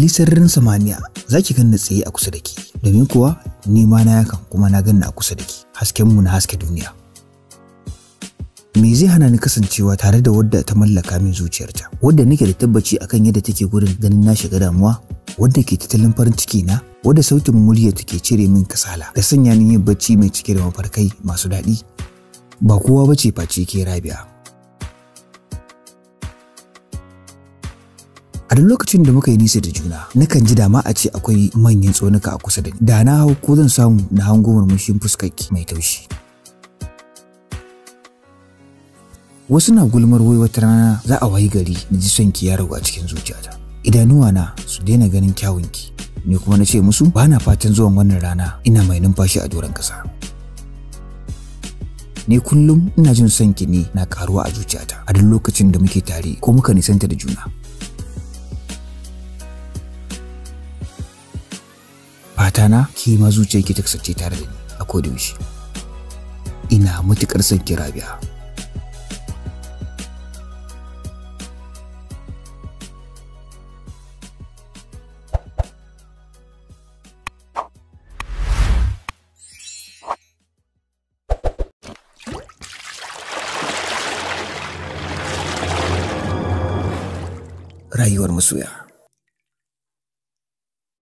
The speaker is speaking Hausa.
kalli sararin samaniya za ki ganna tsaye a kusa da ki domin kuwa ni ma na yakan kuma na ganna a kusa da ki mu na haske duniya me zai hana ni kasancewa tare da wadda ta mallaka min zuciyarta wadda nake da tabbaci akan yadda take gurin ganin na shiga damuwa wadda ke tattalin farin ciki na wadda sautin murya take cire min kasala da sanya ni yin bacci mai cike da mafarkai masu daɗi ba kowa bace face ke rabi'a a duk lokacin da muka yi nisa da juna nakan ji dama a ce akwai manyan tsaunuka a kusa da ni da na hau ko zan samu na hango murmushin fuskarki mai taushi wasu na gulmar wai wata rana za a wayi gari na ji son ki ya ragu a cikin zuciyata idanuwa na su daina ganin kyawun ki, ni kuma na ce musu ba na fatan zuwan wannan rana ina mai numfashi a doron kasa ni kullum ina jin son ki ne na karuwa a zuciyata a duk lokacin da muke tare ko muka nisanta da juna fata na ki ma zuciyar ki ta kasance tare da ni a yaushe ina matukar son ki rabi'a rayuwar masoya.